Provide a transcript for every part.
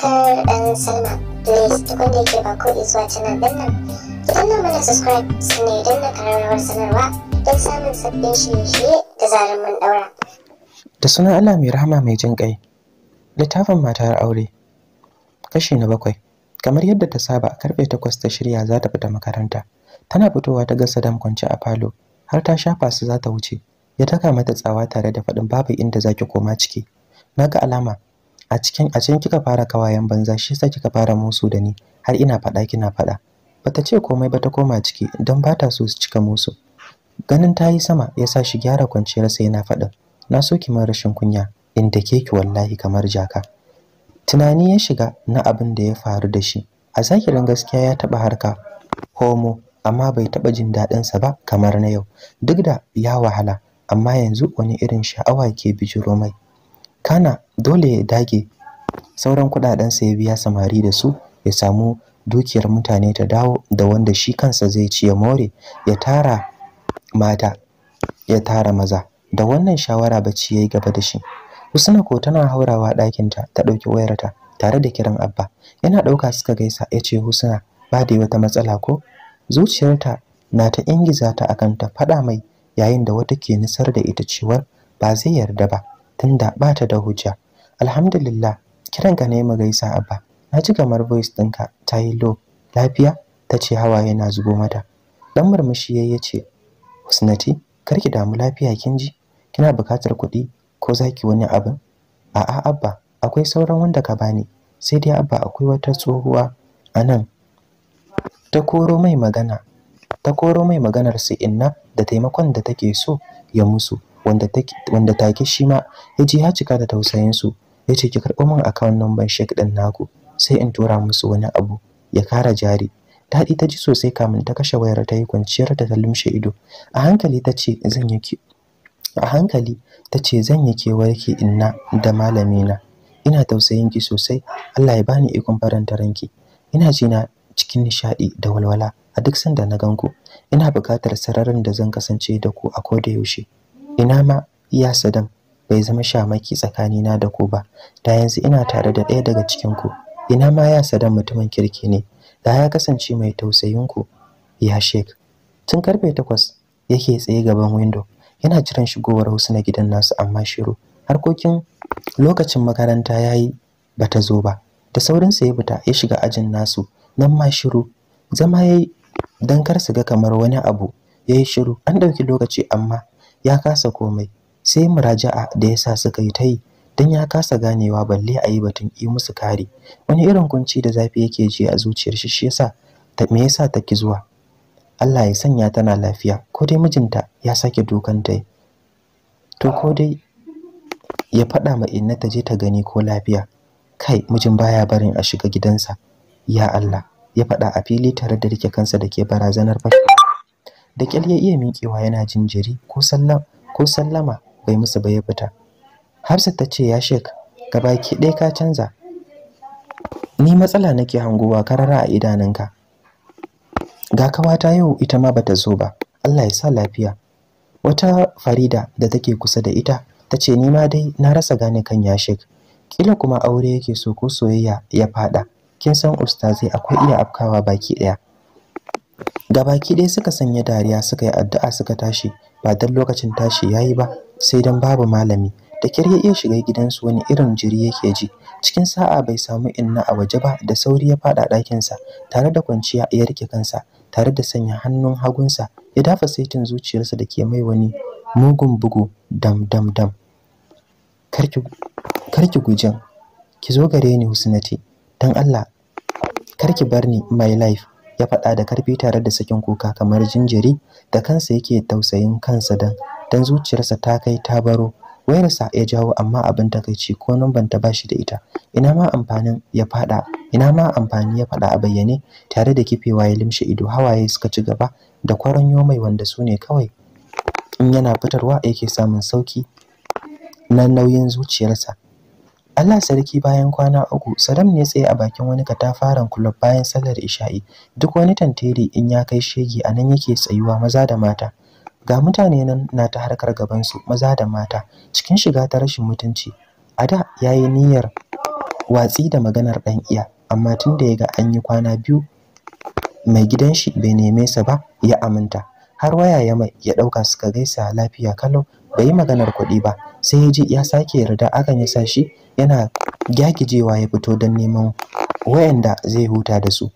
subscribe and sign up. Please da yake ba ko subscribe sanarwa don samun sabbin da sunan Allah mai rahama mai jin ƙai. Littafin matar aure. Kashi na bakwai. Kamar yadda ta saba karfe takwas ta shirya za ta fita makaranta. Tana fitowa ta gasa dam kwance a falo har ta shafa su za ta wuce. Ya taka mata tsawa tare da faɗin babu inda za ki koma ciki. Na ga alama a cikin a can kika fara kawayen banza shi yasa kika fara musu da ni har ina faɗa kina faɗa bata ce komai ba ta koma ciki don ta so su cika musu ganin ta yi sama ya sa shi gyara kwanciyar sai yana faɗin na so ki min rashin kunya in da ke ki wallahi kamar jaka tunani ya shiga na abin da ya faru da shi a zahirin gaskiya ya taɓa harka homo amma bai taɓa jin daɗinsa ba kamar na yau duk da ya wahala amma yanzu wani irin sha'awa ke bijiro mai kana dole ya dage sauran kudaden sa ya biya samari da su ya samu dukiyar mutane ta dawo da wanda shi kansa zai ci ya more ya tara mata ya tara maza da wannan shawara bacci yayi gaba da shi Husna ko tana haurawa ɗakinta ta ɗauki wayarta tare da kiran Abba yana ɗauka suka gaisa ya ce Husna ba da wata matsala ko zuciyarta na ta ingiza ta akan ta faɗa mai yayin da wata ke nisar da ita cewar ba zai yarda ba tunda ba ta da hujja alhamdulillah kiran ka ne mu gaisa abba na ji kamar voice ɗinka ta yi low lafiya ta ce hawa yana zubo mata dan murmushi ya ce husnati kar ki damu lafiya kin ji kina buƙatar kuɗi ko zaki wani abin a'a abba akwai sauran wanda ka bani sai dai abba akwai wata tsohuwa a nan ta koro mai magana ta koro mai maganar su inna da taimakon da take so ya musu wanda take shi ma ya ji ya cika da tausayinsu ya ce ki karɓo min akawun namban shek ɗin naku sai in tura musu wani abu ya kara jari daɗi ta ji sosai kamin ta kashe wayar ta yi kwanciyar ta lumshe ido a hankali ta ce zan yi a hankali ta zan inna da malamina ina tausayin ki sosai Allah ya bani ikon faranta ranki ina jina cikin nishaɗi da walwala a duk sanda na ganku ina buƙatar sararin da zan kasance da ku a koda yaushe ina ma iya sadan bai zama shamaki tsakani na da ku ba da yanzu ina tare da ɗaya daga cikin ku ina ma ya sadan mutumin kirki ne da ya kasance mai tausayin ku ya shek tun karfe takwas yake tsaye gaban window yana jiran shigowar na gidan nasu amma shiru harkokin lokacin makaranta yayi bata zo ba da saurin sa ya fita ya shiga ajin nasu nan ma shiru zama yayi dan kar su ga kamar wani abu yayi shiru an dauki lokaci amma ya kasa komai sai muraja'a da yasa suka yi ta yi don ya kasa ganewa balle ayi yi batun yi musu kare wani irin kunci da zafi yake ji a zuciyar shi shi yasa me yasa ta ki zuwa Allah ya sanya tana lafiya ko dai mijinta ya sake dukan ta to ko dai ya faɗa ma inna ta je ta gani ko lafiya kai mijin baya barin a shiga gidansa ya Allah ya faɗa a fili tare da rike kansa da ke barazanar fashi da kyal ya iya miƙewa yana jinjiri ko sallama bai musu ba ya fita harsa ta ce ya shek baki ɗaya ka canza ni matsala nake hangowa karara a idanunka ga kawata yau ita ma bata zo ba Allah ya sa lafiya wata Farida da take kusa da ita ta ce ni ma dai na rasa gane kan ya shek kila kuma aure yake so ko soyayya ya fada kin san ustazai akwai iya afkawa baki ɗaya gabaki ɗaya suka sanya dariya suka yi addu'a suka tashi ba dan lokacin tashi yayi ba sai dan babu malami da kyar ya iya shiga gidansu wani irin jiri yake ji cikin sa'a bai samu inna a waje ba da sauri ya fada ɗakinsa tare da kwanciya ya rike kansa tare da sanya hannun hagunsa ya dafa saitin zuciyarsa da ke mai wani mugun bugu dam dam dam karki gujin ki zo gare ni husnati dan Allah karki bar ni my life ya faɗa da karfi tare da sakin kuka kamar jinjiri da kansa yake tausayin kansa dan dan zuciyarsa ta kai ta baro wayarsa ya jawo amma abin takaici ko nan banta bashi da ita ina ma amfanin ya faɗa ina ma amfani ya faɗa a bayyane tare da kifewa ya limshe ido hawaye suka ci gaba da kwaranyo mai wanda su ne kawai in yana fitarwa yake samun sauki na nauyin zuciyarsa Allah sarki bayan kwana uku Sadam ne tsaye a bakin wani katafaren kulub bayan sallar isha'i duk wani tantere in ya kai shege a nan yake tsayuwa maza da mata ga mutane nan na ta harkar gaban su maza da mata cikin shiga ta rashin mutunci a da yayi niyyar watsi da maganar dan iya amma tun da ya ga an yi kwana biyu mai gidan shi bai neme sa ba ya aminta har waya ya mai ya dauka suka gaisa lafiya kalau bai yi maganar kuɗi ba sai yaje ji ya sake yarda akan ya sa shi yana gyagijewa ya fito don neman wayanda zai huta da su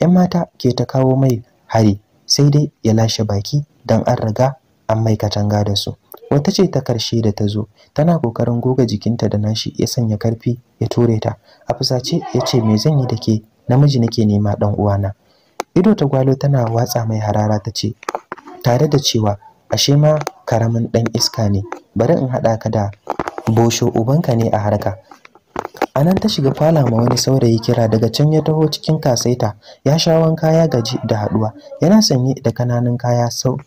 yan mata ke ta kawo mai hari sai dai ya lashe baki don an riga an mai katanga da su wata ce ta karshe da ta zo tana kokarin goga jikinta da nashi ya sanya karfi ya ture ta a fusace ya ce me zan da ke namiji nake nema dan uwana ido ta gwalo tana watsa mai harara ta ce tare da cewa ashe ma karamin dan iska ne bari in hada ka da bosho ubanka ne a harka anan ta shiga fala ma wani saurayi kira daga can ya taho cikin kasaita ya sha wanka ya gaji da haduwa yana sanye da kananan kaya sau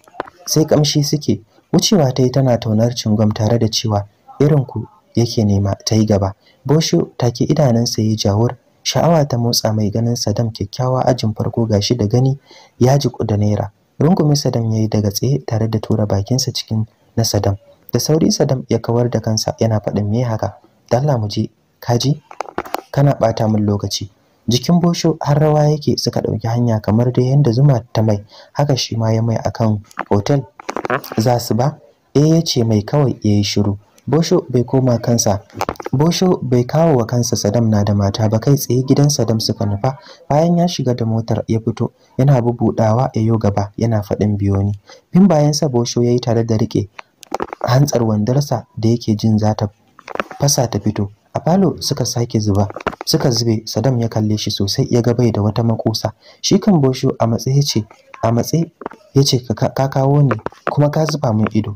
sai kamshi suke wucewa ta yi tana taunar cingom tare da cewa irin ku yake nema ta yi gaba bosho take idanunsa ya jawur sha'awa ta motsa mai ganin sadam kyakkyawa ajin farko gashi da gani ya ji da naira rungumin sadam ya yi daga tsaye tare da tura bakinsa cikin na sadam da sauri sadam ya kawar da kansa yana faɗin me haka dalla mu je kaji kana ɓata min lokaci jikin bosho har rawa yake suka ɗauki hanya kamar dai yadda zuma ta mai haka shi ma ya mai akan hotel za su ba eh ya ce mai kawai ya yi shiru bosho bai koma kansa Bosho bai kawo wa kansa Sadam na da mata ba kai tsaye gidan Sadam suka nufa bayan ya shiga da motar ya fito yana bubudawa yayo gaba yana faɗin biyo ni bin bayan sa Bosho yayi tare da rike hantsar wandarsa da yake jin za ta fasa ta fito a falo suka sake zuba suka zube Sadam ya kalle shi sosai ya ga bai da wata makusa shi kan Bosho a matsaye ce a matsaye yace ka kawo ni kuma ka zuba min ido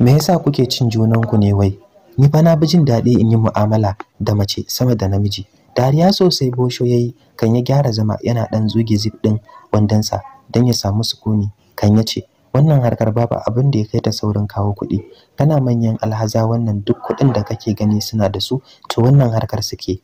me yasa kuke cin junanku ne wai ni fa na bi jin daɗi in yi mu'amala da mace sama da namiji dariya sosai bosho yayi kan ya gyara zama yana ɗan zuge zip din wandonsa don ya samu sukuni kan ya ce wannan harkar babu abin da ya kai ta saurin kawo kuɗi kana manyan alhaza wannan duk kuɗin da kake gani suna da su to wannan harkar suke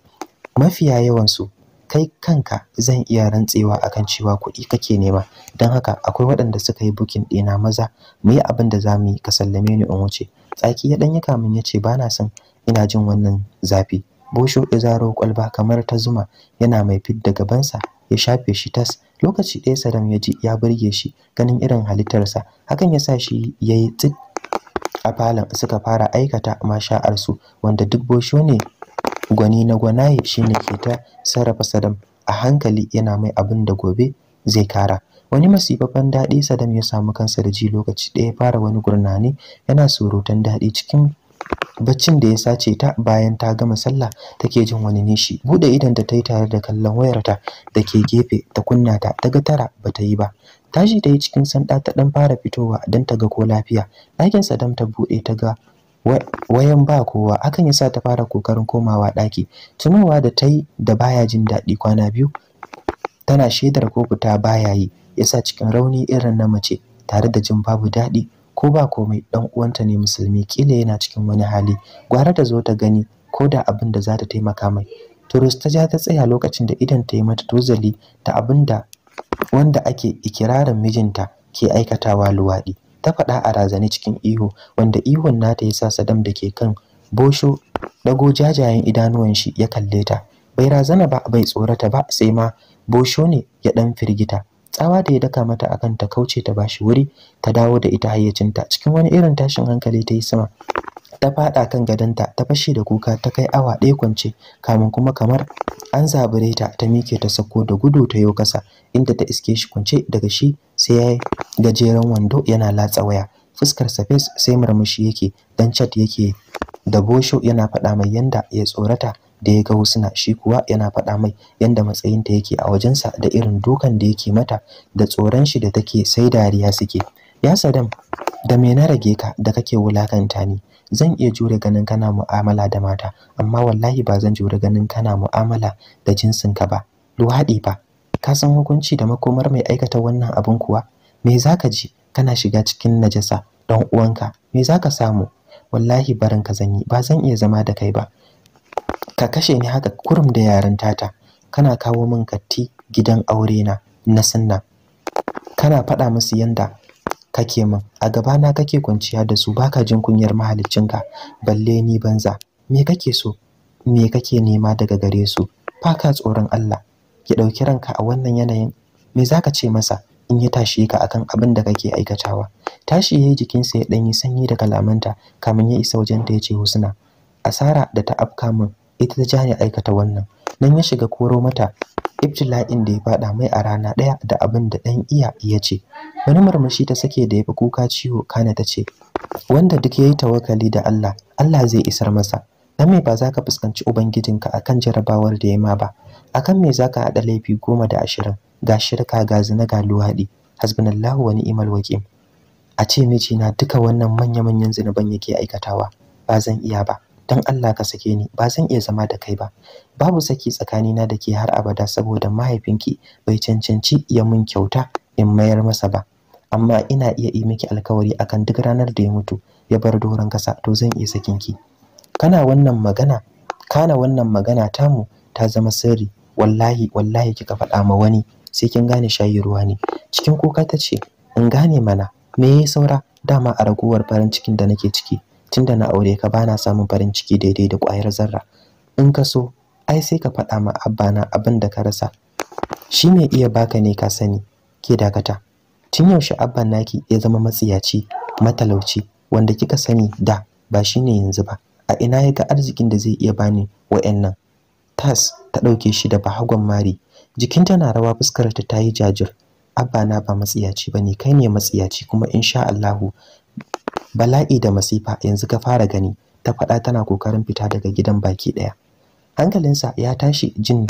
mafiya yawansu kai kanka zan iya rantsewa akan cewa kuɗi kake nema don haka akwai waɗanda suka yi bukin ɗina maza mu yi abin da za mu yi ka sallame ni in wuce tsaki ya dan yaka min yace bana son ina jin wannan zafi bosho ya zaro kwalba kamar ta zuma yana mai fit da gabansa ya shafe shi tas lokaci ɗaya sadam ya ji ya burge shi ganin irin halittarsa hakan ya sa shi ya yi tsit a falon suka fara aikata masha'arsu wanda duk bosho ne gwani na gwanaye shine ke ta sarrafa sadam a hankali yana mai abin da gobe zai kara wani masifafan daɗi sadam ya samu kansa da ji lokaci ɗaya fara wani gurnani yana surutan daɗi cikin baccin da ya sace ta bayan ta gama sallah take jin wani nishi bude idan ta yi tare da kallon wayarta da ke gefe ta kunna ta ta ga tara ba ta yi ba tashi ta yi cikin sanda ta dan fara fitowa don ta ga ko lafiya ɗakin sadam ta bude ta ga wayan ba kowa akan yasa ta fara kokarin komawa ɗaki tunowa da ta yi da baya jin daɗi kwana biyu tana shaidar ko fita baya yi yasa cikin rauni irin na mace tare da jin babu daɗi ko ba komai dan uwanta ne musulmi kila yana cikin wani hali gwara ta zo ta gani ko da abin da za ta taimaka mai turus ta ja ta tsaya lokacin da idan ta yi mata tuzali da abin da wanda ake ikirarin mijinta ke aikatawa luwaɗi ta faɗa a razane cikin ihu wanda ihun nata ya sa sadam da ke kan bosho dago jajayen idanuwan shi ya kalle ta bai razana ba bai tsorata ba sai ma bosho ne ya ɗan firgita tsawa da ya daka mata akan ta kauce ta bashi wuri ta dawo da ita hayyacinta cikin wani irin tashin hankali ta yi sama ta faɗa kan gadonta ta fashe da kuka ta kai awa ɗaya kwance kamun kuma kamar an zabure ta ta mike ta sako da gudu ta yo kasa inda ta iske shi kwance daga shi sai ya gajeren wando yana latsa waya fuskar sa face sai murmushi yake dan chat yake da bosho yana faɗa mai yanda ya tsorata da ya ga Husna shi kuwa yana faɗa mai yanda matsayinta yake a wajensa da irin dukan da yake mata da tsoron shi da take sai dariya suke ya Sadam da me na rage ka da kake wulakanta ni zan iya jure ganin kana mu'amala da mata amma wallahi ba zan jure ganin kana mu'amala da jinsin ka ba luwaɗi ba ka san hukunci da makomar mai aikata wannan abin kuwa me zaka ji kana shiga cikin najasa dan uwanka me zaka samu wallahi barin ka zanyi ba zan iya zama da kai ba ka kashe ni haka kurum da yaren tata kana kawo min katti gidan aure na na sunna kana faɗa musu yanda kake min a gaba na kake kwanciya da su baka jin kunyar mahaliccinka balle ni banza me kake so me kake nema daga gare su faka tsoron Allah ya ɗauki ranka a wannan yanayin me zaka ce masa in ya tashi ka akan abin da kake aikatawa tashi yayi jikinsa ya danyi sanyi da kalamanta kamin ya isa wajen ta ce Husna asara da ta afka min ita ta ja aikata wannan nan ya shiga koro mata ibtila'in da ya faɗa mai a rana ɗaya da abin da ɗan iya ya ce wani marmashi ta sake da ya fi kuka ciwo kana ta ce wanda duk ya yi tawakali da Allah Allah zai isar masa dan me ba za ka fuskanci ubangijinka akan jarabawar da ya ma ba akan me za ka haɗa laifi goma da ashirin ga shirka ga zina ga luwaɗi hasbunallahu wani ni'mal wakil a ce mijina duka wannan manya-manyan zinuban yake aikatawa ba zan iya ba don Allah ka sake ni ba zan iya zama da kai ba babu saki tsakanina da ke har abada saboda mahaifinki bai cancanci ya mun kyauta in mayar masa ba amma ina iya yi miki alkawari akan duk ranar da ya mutu ya bar doron kasa to zan iya sakin ki kana wannan magana kana wannan magana tamu ta zama sirri wallahi wallahi kika faɗa ma wani sai kin gane shayi ruwa ne cikin kuka ta ce in gane mana me ya saura dama a raguwar farin cikin da nake ciki tunda na aure ka bana samun farin ciki daidai da kwayar zarra in ka so ai sai ka faɗa ma abba na abin da ka rasa shi mai iya baka ne ka sani ke dakata tun yaushe abban naki ya zama matsiyaci matalauci wanda kika sani da ba shine yanzu ba a ina ya ga arzikin da zai iya bani wa'annan tas ta ɗauke shi da bahagon mari jikinta na rawa fuskar ta yi jajir abba na ba matsiyaci ba ne, kai ne matsiyaci kuma insha Allahu bala'i da masifa yanzu ka fara gani ta faɗa tana kokarin fita daga gidan baki ɗaya hankalinsa ya tashi jin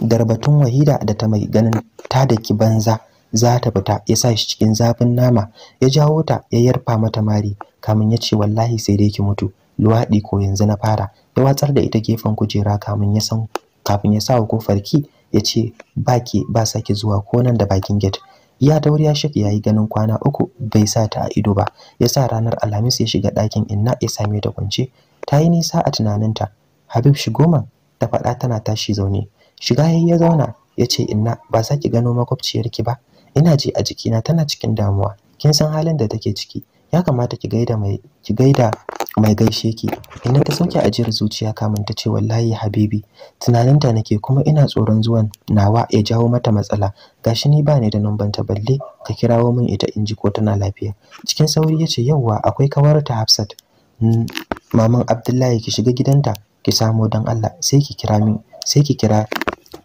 darbatun wahida da ta mai ganin ta da ki banza za ta fita ya sa shi cikin zafin nama ya jawo ta ya yarfa mata mari kamun ya ce wallahi sai dai ki mutu luwaɗi ko yanzu na fara ya watsar da ita gefen kujera kamun ya san kafin ya sa wa kofar ki ya ce ba ki ba sake zuwa ko nan da bakin gate ya dauriya shek yayi ganin kwana uku bai sa ta a ido ba Ya sa ranar alhamis ya shiga ɗakin inna ya same ta kwance ta yi nisa a tunaninta habib shigo man ta faɗa tana tashi zaune shiga yayi ya zauna ya ce inna ba za ki gano makwabciyarki ba ina ji a jikina tana cikin damuwa kin san halin da take ciki ya kamata ki gaida mai ki gaida mai gaishe ki ina ta sauke ajiyar zuciya kamun ta ce wallahi habibi tunaninta nake kuma ina tsoron zuwan nawa ya jawo mata matsala gashi ni ba ne da numban ta balle ka kirawo min ita in ji ko tana lafiya cikin sauri ya ce yauwa akwai kawar ta Hafsat mm, maman Abdullahi ki shiga gidanta ki samo dan Allah sai ki kira min sai ki kira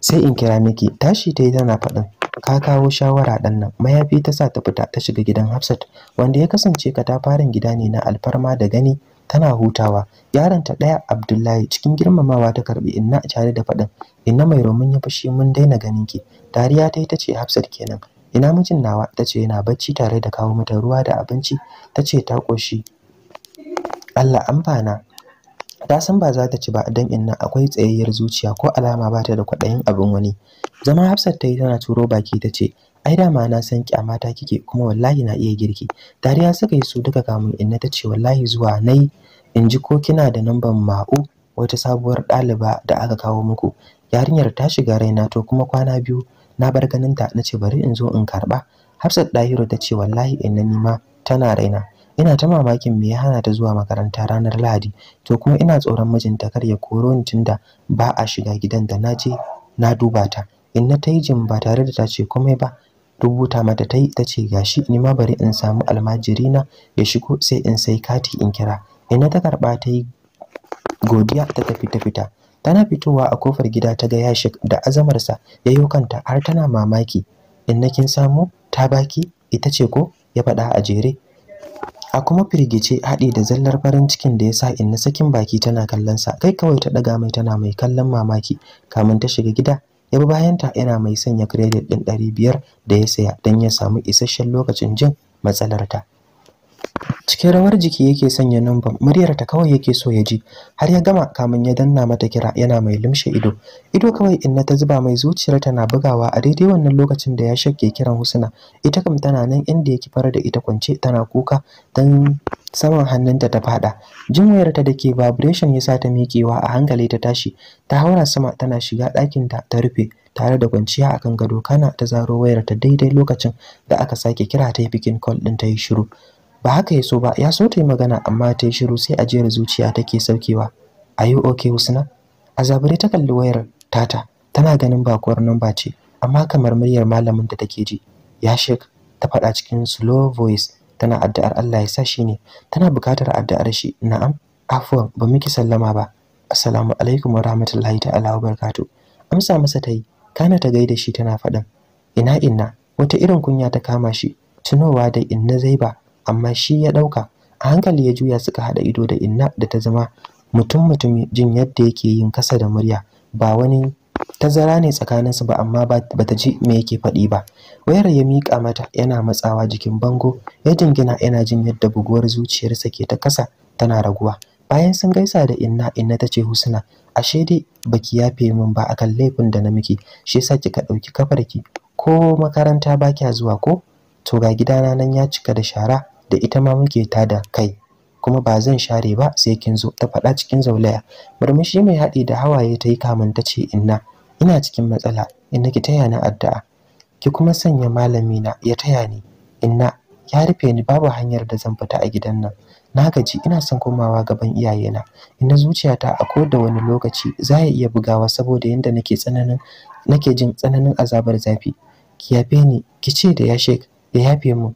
sai in kira miki tashi ta yi tana faɗin ka kawo shawara ɗan nan mayafi ta sa ta fita ta shiga gidan Hafsat wanda ya kasance katafaren gida ne na alfarma da gani tana hutawa yaronta ɗaya abdullahi cikin girmamawa ta karbi inna tare da faɗin inna mai romin ya fushi mun daina ganin ki dariya ta yi ce hafsat kenan ina mijin nawa ta ce yana bacci tare da kawo mata ruwa da abinci ta ce ta koshi. allah an bana ta san ba za ta ci ba dan inna akwai tsayayyar zuciya ko alama ba ta da kwaɗayin abin wani zama hafsat ta yi tana turo baki ta ce ai dama na san kyamata kike kuma wallahi na iya girki dariya suka yi su duka kamun inna tace wallahi zuwa nai in ji ko kina da namban ma'u wata sabuwar ɗaliba da aka kawo muku yarinyar ta shiga raina to kuma kwana biyu na bar ganinta na ce bari in zo in karɓa hafsat ɗahiro ta ce wallahi inna nima tana raina ina ta mamakin me ya hana ta zuwa makaranta ranar lahadi to kuma ina tsoron mijinta kar ya koro ni tunda ba a shiga gidan da na je na duba ta inna ta yi jin ba tare da ta ce komai ba rubuta mata ta yi ta ce gashi ni ma bari in samu almajiri na ya shigo sai in sai kati in kira ina ta karba ta yi godiya ta tafi ta fita tana fitowa a kofar gida ta ga yashik da azamarsa ya yi kanta har tana mamaki in na kin samu ta baki ita ce ko ya faɗa a jere a kuma firgice haɗi da zallar farin cikin da ya sa inna sakin baki tana kallonsa kai kawai ta ɗaga mai tana mai kallon mamaki kamun ta shiga gida ya bi bayanta yana mai sanya kiredit ɗin ɗari biyar da ya saya don ya samu isasshen lokacin jin matsalarta cikin rawar jiki yake sanya numban muryar ta kawai yake so ya ji har ya gama kamun ya danna mata kira yana mai limshe ido ido kawai inna ta zuba mai zuciyar ta na bugawa a daidai wannan lokacin da ya shakke kiran Husna ita kam tana nan inda yake fara da ita kwance tana kuka dan saman hannunta ta fada jin wayar ta dake vibration yasa ta miƙewa a hankali ta tashi ta haura sama tana shiga ɗakin ta ta rufe tare da kwanciya akan gado kana ta zaro wayarta daidai lokacin da aka sake kira ta yi bikin call din ta yi shiru ba haka ya so ba ya so ta yi magana amma ta yi shiru sai ajiyar zuciya take saukewa a yi okay husna a zabure ta kalli wayar tata tana ganin bakuwar namba ce amma kamar muryar malamin da take ji ya shek ta faɗa cikin slow voice tana addu'ar Allah ya sa shi ne tana buƙatar addu'ar shi na'am afwan ba miki sallama ba assalamu alaikum wa rahmatullahi ta'ala wa barakatu amsa masa tayi kana ta gaida shi tana faɗin ina inna wata irin kunya ta kama shi tunowa da inna ba? amma shi ya ɗauka a hankali ya juya suka haɗa ido da inna da ta zama mutum mutum jin yadda yake yin kasa da murya ba wani tazara ne tsakanin su ba amma ba ta ji me yake faɗi ba wayar ya miƙa mata yana matsawa jikin bango ya jingina yana jin yadda buguwar zuciyarsa ke ta kasa tana raguwa bayan sun gaisa da inna inna ta ce husna ashe dai baki yafe min ba akan laifin da na miki shi yasa kika ɗauki kafarki ko makaranta ba kya zuwa ko to ga gidana nan ya cika da shara da ita ma muke ta da kai kuma ba zan share ba sai kin zo ta faɗa cikin zaulaya murmushi mai haɗi da hawaye ta yi kamun ta ce inna ina cikin matsala inna ki taya ni addu'a ki kuma sanya malami na ya taya ni inna ya rufe ni babu hanyar da zan fita a gidan nan na gaji ina son komawa gaban iyayena inna zuciyata a ko da wani lokaci za ya iya bugawa saboda yanda nake tsananin nake jin tsananin azabar zafi ki yafe ni ki ce da ya shek ya yafe mu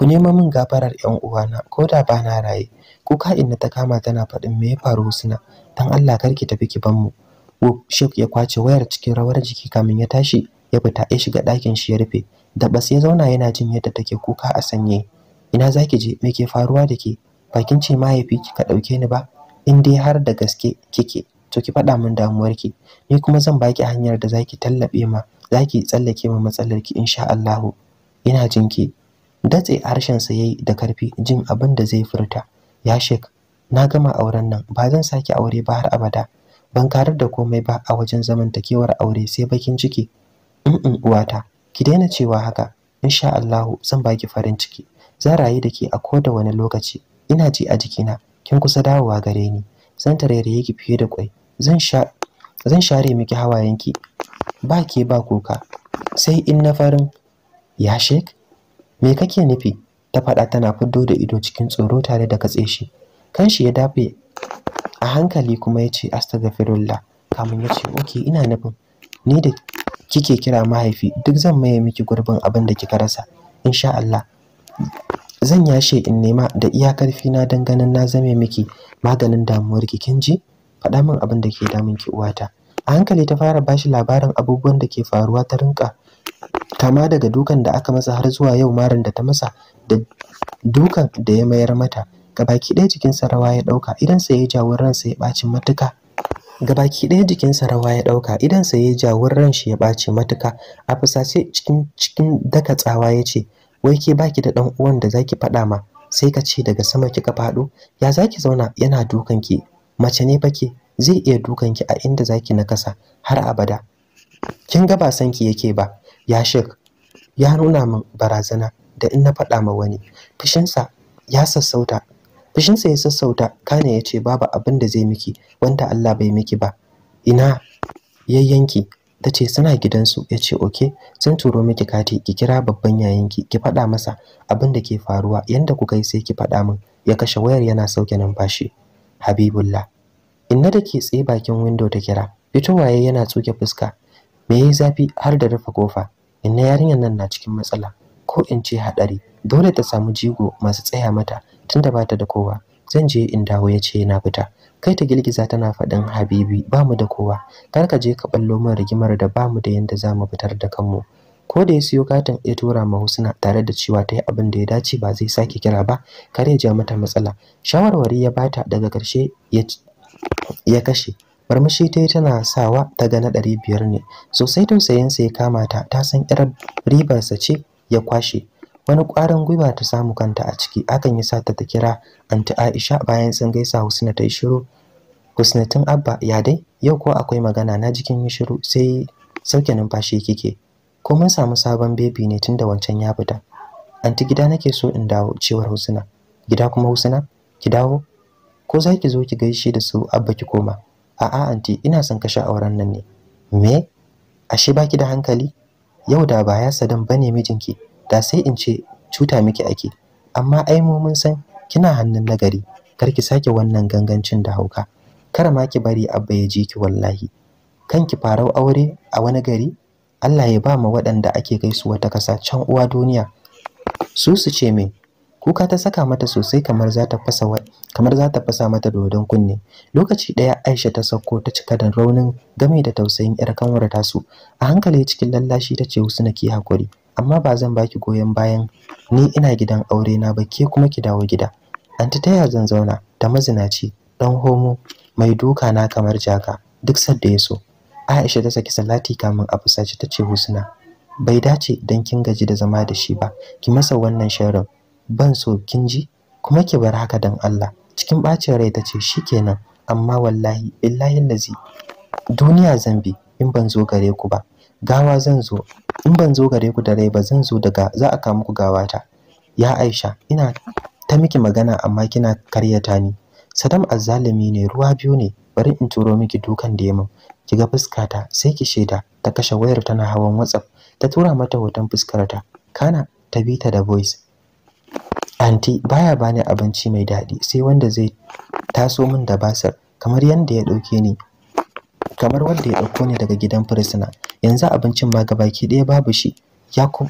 ku nema min gafarar 'yan uwana ko da ba na raye kuka inna ta kama tana faɗin me ya faru suna dan Allah karki tafi ki ban mu shek ya kwace wayar cikin rawar jiki kamin ya tashi ya fita ya shiga dakin shi ya rufe da bas ya zauna yana jin yadda take kuka a sanye ina zaki je me ke faruwa da ke bakin ce mahaifi kika ɗauke ni ba in dai har da gaske kike to ki faɗa min damuwar ki. ni kuma zan baki hanyar da zaki tallabe ma zaki tsallake ma matsalar ki, insha Allah ina jinki datse harshensa yayi da karfi jin abin da zai furta ya shek na gama auren nan ba zan sake aure ba har abada ban karar da komai ba a wajen zamantakewar aure sai bakin ciki in uwata ki daina cewa haka insha Allah zan baki farin ciki zan rayu da ke a koda wani lokaci ina ji a jikina kin kusa dawowa gare ni zan tarairaye ki fiye da kwai zan sha zan share miki hawayenki ba ke ba kuka sai in na farin ya shek me kake nufi ta faɗa tana fiddo da ido cikin tsoro tare da katse shi kanshi ya dafe a hankali kuma ya ce astaghfirullah kamun ya ce oke ina nufin ni da kike kira mahaifi duk zan maye miki gurbin abin da kika rasa insha Allah zan yashe in nema da iya karfi na dan ganin na zame miki maganin damuwar ki ji faɗa min abin da ke damun ki uwata a hankali ta fara bashi labarin abubuwan da ke faruwa ta rinka kama daga dukan da aka masa har zuwa yau marin da ta masa da dukan da ya mayar mata gabaki ɗaya jikinsa rawa ya ɗauka sa ya jawo ransa ya ɓaci matuka gabaki ɗaya jikinsa rawa ya ɗauka sa ya jawo ran shi ya ɓaci matuka a fusace cikin cikin daka tsawa ya ce wai ke baki da ɗan uwan da zaki faɗa ma sai ka ce daga sama kika faɗo ya zaki zauna yana dukan ki mace ne fake zai iya dukan ki a inda zaki kasa, har abada kin ga ba san ki yake ba ya shek ya nuna min barazana da in na faɗa ma wani fushinsa ya sassauta fushinsa ya sassauta kane ya ce babu abin da zai miki wanda Allah bai miki ba ina yayyanki ta ce suna gidansu ya ce oke sun turo miki kati ki kira babban yayanki ki faɗa masa abin da ke faruwa yanda kuka yi sai ki faɗa min ya kashe wayar yana sauke numfashi habibullah inna da ke tsaye bakin window ta kira fitowaye yana tsuke fuska me yayi zafi har da rufe kofa inna yarinyar nan na cikin matsala ko in ce hadari dole ta samu jigo masu tsaya mata tunda bata da kowa zan je in dawo ya ce yana fita kai ta gilgiza tana faɗin habibi ba mu da kowa kar ka je ka ballo min rigimar da ba mu da yanda za mu fitar da kanmu ko da ya siyo katin ya tura ma Husna tare da cewa ta yi abin da ya dace ba zai sake kira ba kar ya ja mata matsala shawarwari ya bata daga karshe ya kashe Marmashi ta yi tana sawa ta ga na ɗari biyar ne. Sosai tausayinsa ya kama ta ta san 'yar ribarsa ce ya kwashe. Wani ƙwarin gwiwa ta samu kanta a ciki akan yi sata ta kira anti Aisha bayan sun gaisa Husna ta yi shiru. Husna tun Abba ya dai yau ko akwai magana na jikin yi shiru sai sauke numfashi kike. Ko mun samu sabon baby ne tunda wancan ya fita. Anti gida nake so in dawo cewar Husna. Gida kuma Husna ki dawo ko zaki zo ki gaishe da su Abba ki koma. a'a anti ina son kashe auren nan ne me ashe baki da hankali yau da ba ya sadan bane mijinki da sai in ce cuta miki ake amma ai mu mun san kina hannun nagari kar ki sake wannan gangancin da hauka kar ma ki bari abba ya ji ki wallahi kan ki farau aure a wani gari Allah ya ba mu waɗanda ake gaisuwa ta kasa can uwa duniya su su ce min kuka ta saka mata sosai kamar za ta fasa kamar za ta fasa mata dodon kunne lokaci daya Aisha ta sauko ta cika da raunin game da tausayin yar kanwar su a hankali cikin lallashi ta ce Husna ki hakuri amma ba zan baki goyon bayan ni ina gidan aure na ba ke kuma ki dawo gida anti taya zan zauna ta mazinaci dan homo mai duka na kamar jaka duk sadda ya so Aisha ta saki salati kamin a fusaci ta ce Husna bai dace dan kin gaji da zama da shi ba ki masa wannan sharar. ban so kin ji kuma ki bar haka dan Allah cikin bacin rai tace shi shikenan amma wallahi billahi lazi duniya zan bi in ban zo gare ku ba gawa zan zo in ban zo gare ku da rai ba zan zo daga za a kawo muku gawata ya Aisha ina ta miki magana amma kina karyata ni Sadam azzalimi ne ruwa biyu ne bari in turo miki dukan da yamin kiga fuskata sai ki sheda ta kashe wayar tana hawan WhatsApp ta tura mata hoton fuskarta kana ta bi ta da voice anti baya bani abinci mai daɗi sai wanda zai taso min da basar kamar yanda ya dauke ni kamar wanda ya dauko ni daga gidan firsina yanzu abincin ma gabaki ɗaya babu shi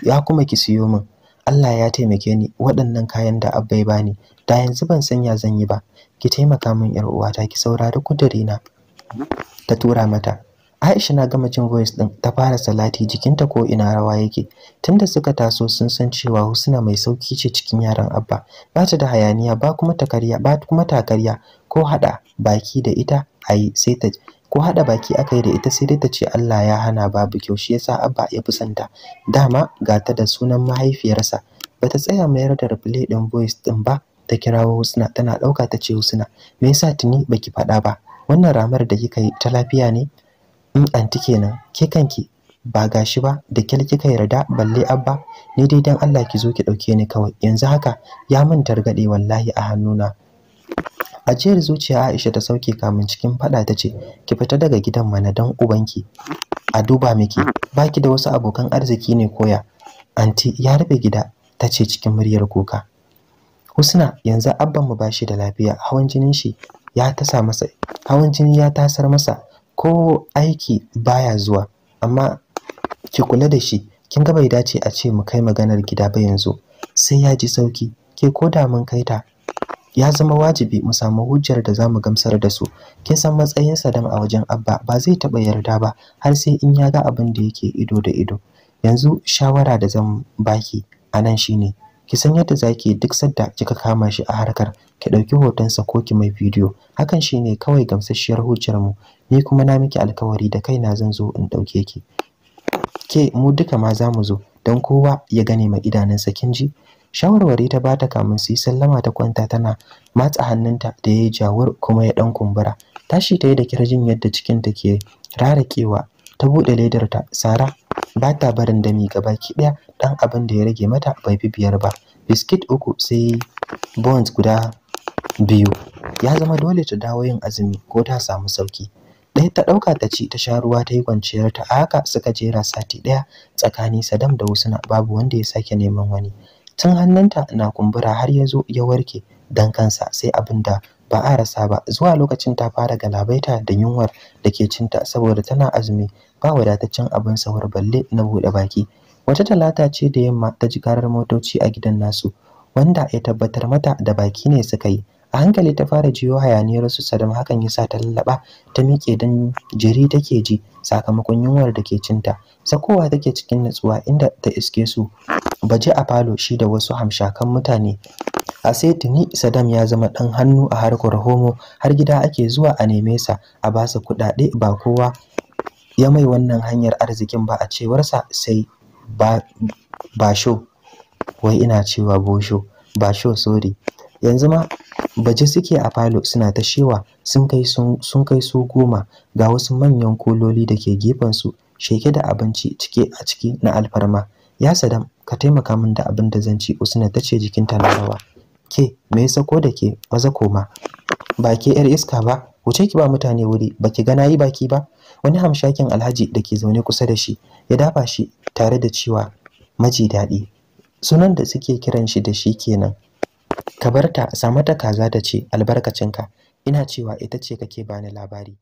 ya kuma ki siyo min Allah ya taimake ni waɗannan kayan da abba ya bani da yanzu ban san ya zan yi ba ki taimaka min yar uwata ki saurari kudirina ta tura mata Aisha na gama jin voice din ta fara salati jikinta ko ina rawa yake tunda suka taso sun san cewa Husna mai sauki ce cikin yaran Abba ba ta da hayaniya ba kuma takariya ba kuma takariya ko hada baki da ita ayi sai ta ko hada baki akai da ita sai dai ta ce Allah ya hana babu kyau shi yasa Abba ya fi santa dama ga ta da sunan mahaifiyarsa bata tsaya mayar da replay din voice din ba ta kirawo Husna tana dauka ta ce Husna me yasa tuni baki faɗa ba wannan ramar da kika yi ta lafiya ne in anti kenan ke kanki ba gashi ba da kyal kika yarda balle abba ni dai dan Allah ki zo ki dauke ni kawai yanzu haka ya mun targade wallahi a hannuna ajiyar zuciya Aisha ta sauke kamun cikin fada ta ce ki fita daga gidan mana dan ubanki a duba miki baki da wasu abokan arziki ne koya anti ya rufe gida ta ce cikin muryar kuka Husna yanzu abban mu bashi da lafiya hawan jinin shi ya tasa masa hawan jini ya tasar masa ko aiki baya zuwa amma ki kula da shi kin ga bai dace a ce mu kai maganar gida ba yanzu sai ya ji sauki ke ko da mun kai ta ya zama wajibi mu samu hujjar da zamu gamsar da su kin san matsayin Saddam a wajen Abba ba zai taba yarda ba har sai in ya ga abin da yake ido da ido yanzu shawara da zan baki nan shine ki san yadda zaki duk sadda kika kama shi a harkar ki dauki hotonsa ko ki mai bidiyo hakan shine kawai gamsasshiyar hujjar mu ni kuma na miki alkawari da kaina zan zo in dauke ki ke mu duka ma za mu zo don kowa ya gane idanun idanunsa kin ji shawarwari ta bata kamun su sallama ta kwanta tana matsa hannunta da ya yi jawur kuma ya dan kumbura tashi ta yi da kirjin yadda cikinta ke rarakewa ta buɗe ledarta sara ba ta barin dami gabaki ɗaya ɗan abin da ya rage mata bai bi biyar ba biskit uku sai bonds guda biyu ya zama dole ta dawo yin azumi ko ta samu sauki ɗaya ta ɗauka ta ci ta sha ruwa ta yi kwanciyar ta a haka suka jera sati ɗaya tsakani sadam da husna babu wanda ya sake neman wani tun hannunta na kumbura har ya zo ya warke dan kansa sai abin da ba a rasa ba zuwa lokacin ta fara galabaita da yunwar da ke cinta saboda tana azumi ba wadataccen abin sahur balle na buɗe baki wata talata ce da yamma ta ji karar motoci a gidan nasu wanda ya tabbatar mata da baki ne suka yi a hankali ta fara jiyo hayaniyar su sadam hakan ya sa ta lallaɓa ta miƙe dan jiri take ji sakamakon yunwar da ke cinta sakowa take cikin natsuwa inda ta iske su baje a falo shi da wasu hamshakan mutane a sai tuni sadam ya zama ɗan hannu a harkar homo har gida ake zuwa a neme sa a basa kuɗaɗe ba kowa ya mai wannan hanyar arzikin ba a cewarsa sai ba basho wai ina cewa bosho sho, sori. yanzu ma baje suke a falo suna ta shewa sun kai su goma ga wasu manyan kololi da ke gefensu sheke da abinci cike a ciki na alfarma ya sadam ka taimaka min da abin da zan ci usna ta ce jikinta na rawa ke me yasa ko da ke maza koma ba ke yar iska ba wuce ki ba mutane wuri baki ga yi baki ba wani hamshakin alhaji da ke zaune kusa da shi ya dafa shi tare da cewa maji daɗi sunan da suke kiran shi da shi kenan ka bar ta samata kaza ta ce albarkacinka ina cewa ita ce kake bani labari